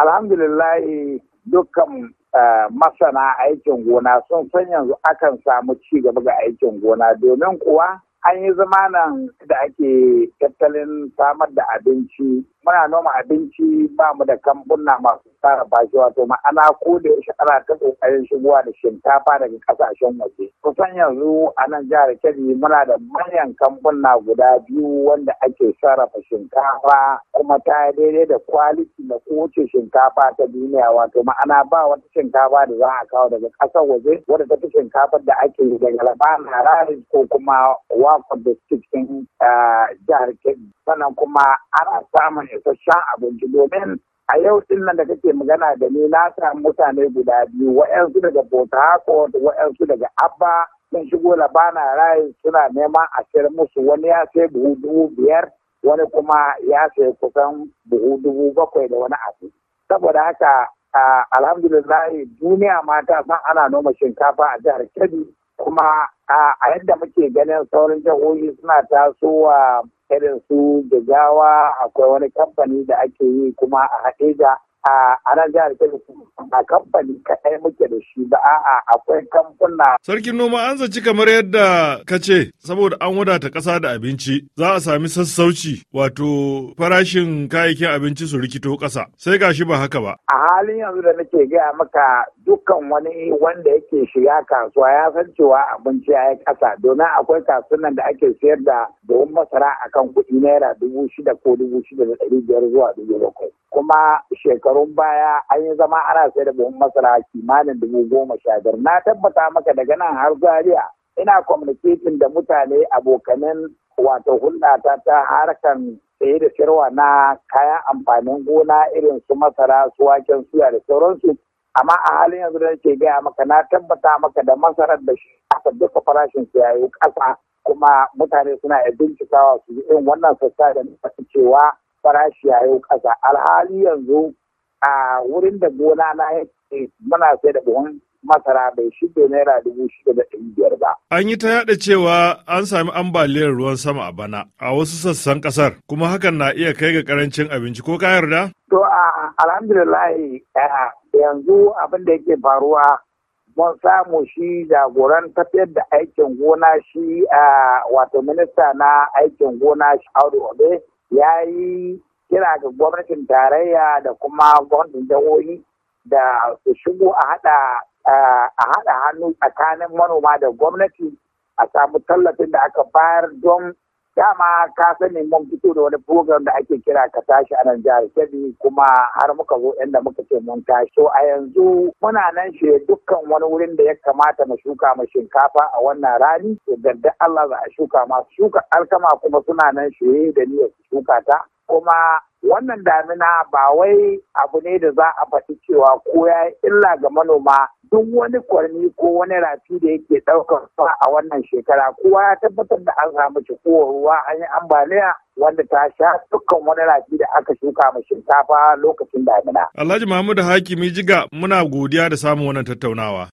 alhamdulillah dukkan eh, masana aikin gona sun san yanzu akan samu ci gaba ga aikin gona domin kuwa an yi zamanan da ake tattalin samar da abinci muna noma abinci ba mu da kambuna masu tsara bashi wato ma'ana ko da ya ana ta kokarin shigowa da shinkafa daga kasashen waje kusan yanzu a nan jihar Kebbi muna da manyan kambuna guda biyu wanda ake sarrafa shinkafa kuma ta daidai da kwaliti da kowace shinkafa ta duniya wato ma'ana ba wata shinkafa da za a kawo daga ƙasar waje wadda ta fi shinkafar da ake yi daga labaran. ko kuma Wakon da cikin jihar Kebbi sannan kuma ana samun isasshen abinci domin a yau din nan da kake magana da ni na samu mutane guda biyu wa'yansu daga Port Harcourt wa'yansu daga Abba sun shigo Labana Rai suna neman a sayar musu wani ya sai buhu dubu biyar wani kuma ya sai kusan buhu dubu bakwai da wani abu saboda haka alhamdulillah duniya mata san ana noma shinkafa a jihar Kebbi kuma a yadda muke ganin sauran jihohi suna tasowa irin su gawa akwai wani kamfani da ake yi kuma a haɗeja a nan jihar Kebbi a kamfani kaɗai muke da shi ba a'a akwai kamfuna. Sarkin noma an zaci kamar yadda ka ce saboda an wadata ƙasa da abinci za a sami sassauci wato farashin kayayyakin abinci su rikito ƙasa sai gashi ba haka ba. A halin yanzu da nake gaya maka dukkan wani wanda yake shiga kasuwa ya san cewa abinci ya yi ƙasa domin akwai kasuwan da ake sayar da buhun masara a kan kuɗi naira dubu shida ko dubu shida da ɗari biyar zuwa dubu bakwai kuma shekarun baya an yi zama ana sayar da buhun masara kimanin dubu goma sha biyar na tabbata maka daga nan har zaria ina communicating da mutane abokanan wato hulɗata ta harkan saye da sayarwa na kayan amfanin gona irin su masara su waken suya da sauransu amma a halin yanzu da nake gaya maka na tabbata maka da masarar da shi aka duka farashin su yayi ƙasa kuma mutane suna iya bincikawa su yi irin wannan sassa da nake cewa farashi yayi ƙasa alhali yanzu a wurin da gona na yake muna sai da buhun masara bai shige naira dubu shida da ɗari biyar ba. An yi ta yaɗa cewa an sami ambaliyar ruwan sama a bana a wasu sassan ƙasar kuma hakan na iya kai ga ƙarancin abinci ko ka yarda? To alhamdulillah yanzu abin da yake faruwa mun samu shi jagoran tafiyar da aikin gona shi a wato minista na aikin gona shi Audu Obe ya yi kira ga gwamnatin tarayya da kuma gwamnatin jihohi da su shigo a haɗa hannu tsakanin manoma da gwamnati a samu tallafin da aka bayar don dama ka sani mun fito da wani program da ake kira ka tashi a nan jihar Kebbi kuma har muka zo inda muka ce mun tashi a yanzu muna nan shi dukkan wani wurin da ya kamata mu shuka mu shinkafa a wannan rani da Allah za a shuka ma shuka alkama kuma suna nan shi da niyyar shuka ta kuma wannan damina ba wai abu ne da za a faɗi cewa ko ya illa ga manoma duk wani kwarni ko wani rafi da yake ɗaukar fa a wannan shekara kowa ya tabbatar da an samu cikuwar ruwa an yi ambaliya wanda ta sha dukkan wani rafi da aka shuka ma shinkafa lokacin damina. Alhaji mahmud Hakimi Jiga muna godiya da samun wannan tattaunawa.